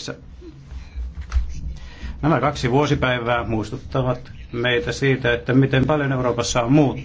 Brysselissä. Nämä kaksi vuosipäivää muistuttavat meitä siitä, että miten paljon Euroopassa on muuttunut.